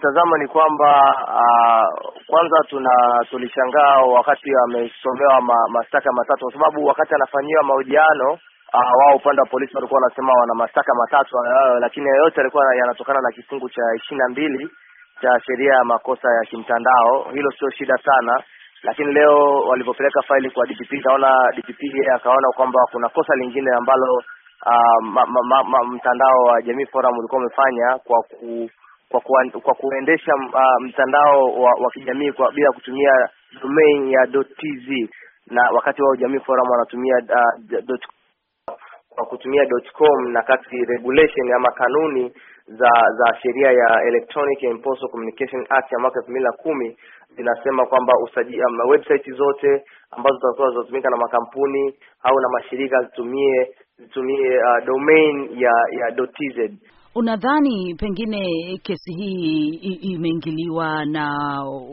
tulitazama ni kwamba uh, kwanza tuna tulishangaa wakati amesomewa ma, mashtaka matatu kwa sababu wakati anafanyiwa mahojiano Uh, wao upande wa polisi walikuwa wanasema wana mashtaka matatu uh, lakini yote yalikuwa yanatokana na kifungu cha ishirini na mbili cha sheria ya makosa ya kimtandao. Hilo sio shida sana, lakini leo walivyopeleka faili kwa DPP naona DPP akaona kwamba kuna kosa lingine ambalo uh, ma, ma, ma, mtandao wa Jamii Forum ulikuwa umefanya kwa ku kwa kwa kuendesha uh, mtandao wa, wa kijamii kwa bila kutumia domain ya .tz na wakati wao Jamii Forum wanatumia uh, kwa kutumia .com na kati regulation ama kanuni za za sheria ya Electronic and Postal Communication Act ya mwaka elfu mbili na kumi zinasema kwamba usaji, um, website zote ambazo zitakuwa zinatumika na makampuni au na mashirika zitumie zitumie uh, domain ya ya .tz. Unadhani pengine kesi hii imeingiliwa na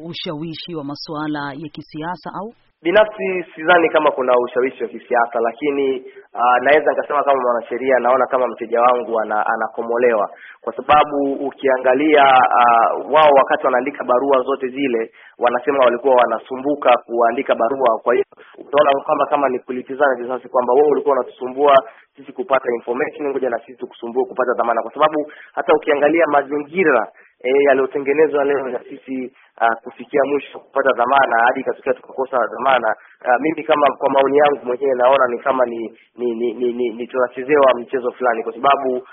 ushawishi wa masuala ya kisiasa au? Binafsi sidhani kama kuna ushawishi wa kisiasa, lakini Ah, naweza nikasema kama mwanasheria naona kama mteja wangu ana, anakomolewa kwa sababu ukiangalia uh, wao wakati wanaandika barua zote zile wanasema walikuwa wanasumbuka kuandika barua. Kwa hiyo utaona kwamba kama ni kulipizana kisasi kwamba wewe ulikuwa unatusumbua sisi kupata information, ngoja na sisi tukusumbue kupata dhamana, kwa sababu hata ukiangalia mazingira E, yaliyotengenezwa leo na sisi uh, kufikia mwisho kupata dhamana hadi ikatokea tukakosa dhamana uh, mimi kama kwa maoni yangu mwenyewe naona ni kama ni ni ni, ni, ni, ni tunachezewa mchezo fulani kwa sababu uh,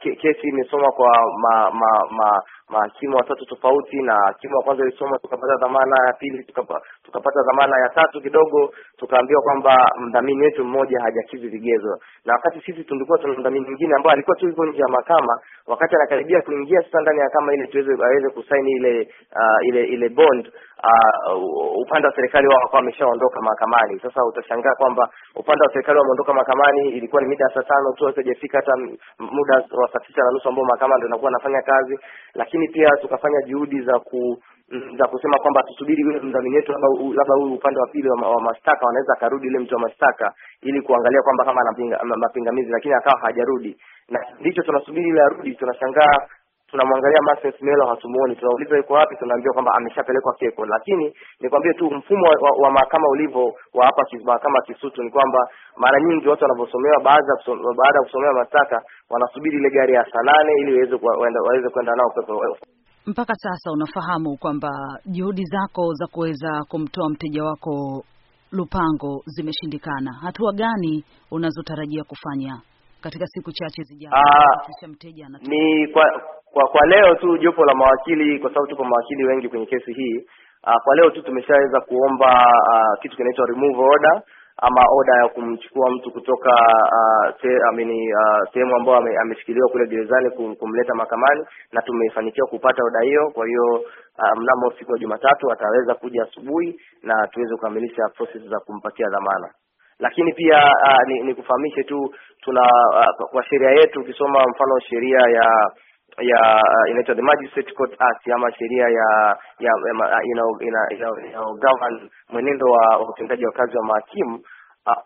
ke, kesi imesoma kwa ma ma ma mahakimu watatu tofauti na hakimu wa kwanza ilisoma tukapata dhamana ya pili tukapa, tukapata dhamana ya tatu kidogo tukaambiwa kwamba mdhamini wetu mmoja hajakidhi vigezo na wakati sisi tulikuwa tuna mdhamini mwingine ambaye alikuwa tu hivyo nje ya mahakama wakati anakaribia kuingia sasa ndani ya kama ile tuweze aweze kusaini ile uh, ile ile bond uh, upande wa serikali wao wakawa wameshaondoka mahakamani. Sasa utashangaa kwamba upande wa serikali wameondoka mahakamani, ilikuwa ni mida ya saa tano tu, haijafika hata muda wa saa tisa na nusu ambao mahakama ndio inakuwa anafanya kazi, lakini pia tukafanya juhudi za ku mm, za kusema kwamba tusubiri yule mdhamini wetu, labda labda huyu upande wa pili wa, wa mashtaka wanaweza akarudi yule mtu wa mashtaka, ili kuangalia kwamba kama ana mapingamizi, lakini akawa hajarudi, na ndicho tunasubiri ile arudi. Tunashangaa tunamwangalia Marcus Melo hatumuoni, tunauliza yuko wapi, tunaambiwa kwamba ameshapelekwa Keko. Lakini nikwambie tu mfumo wa, wa mahakama ulivyo wa hapa mahakama Kisutu ni kwamba mara nyingi watu wanavyosomewa baada ya kusomewa mashtaka wanasubiri ile gari ya saa nane ili waweze kwenda nao Keko. Mpaka sasa unafahamu kwamba juhudi zako za kuweza kumtoa mteja wako Lupango zimeshindikana. Hatua gani unazotarajia kufanya katika siku chache zijazo? Ah, mteja ni kwa kwa kwa leo tu jopo la mawakili, kwa sababu tuko mawakili wengi kwenye kesi hii uh, kwa leo tu tumeshaweza kuomba uh, kitu kinaitwa remove order ama oda ya kumchukua mtu kutoka uh, te, I mean, uh, sehemu ambayo ameshikiliwa kule gerezani kum, kumleta mahakamani na tumefanikiwa kupata oda hiyo. Kwa hiyo uh, mnamo siku ya Jumatatu ataweza kuja asubuhi na tuweze kukamilisha process za kumpatia dhamana. Lakini pia uh, ni, ni kufahamishe tu tuna uh, kwa sheria yetu ukisoma mfano sheria ya ya uh, inaitwa the Magistrate Court Act ama sheria ya ya uh, inayogavan mwenendo wa utendaji wa kazi wa mahakimu.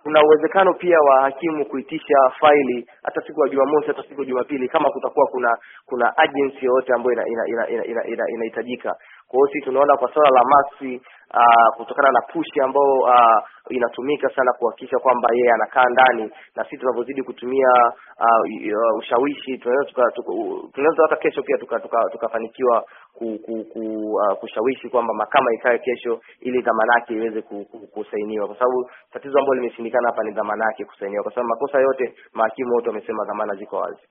Kuna uh, uwezekano pia wa hakimu kuitisha faili hata siku ya Jumamosi, hata siku ya Jumapili, kama kutakuwa kuna kuna agency yoyote ambayo inahitajika kwa hiyo tunaona kwa swala la Masi Uh, ah, kutokana na pushi ambayo uh, ah, inatumika sana kuhakikisha kwamba yeye anakaa ndani, na sisi tunavyozidi kutumia uh, ushawishi tunaweza hata kesho pia tukafanikiwa tuka, tuka ku, ku, ku, uh, kushawishi kwamba mahakama ikae kesho ili dhamana yake iweze kusainiwa, kwa sababu tatizo ambalo limeshindikana hapa ni dhamana yake kusainiwa, kwa sababu makosa yote mahakimu wote wamesema dhamana ziko wazi.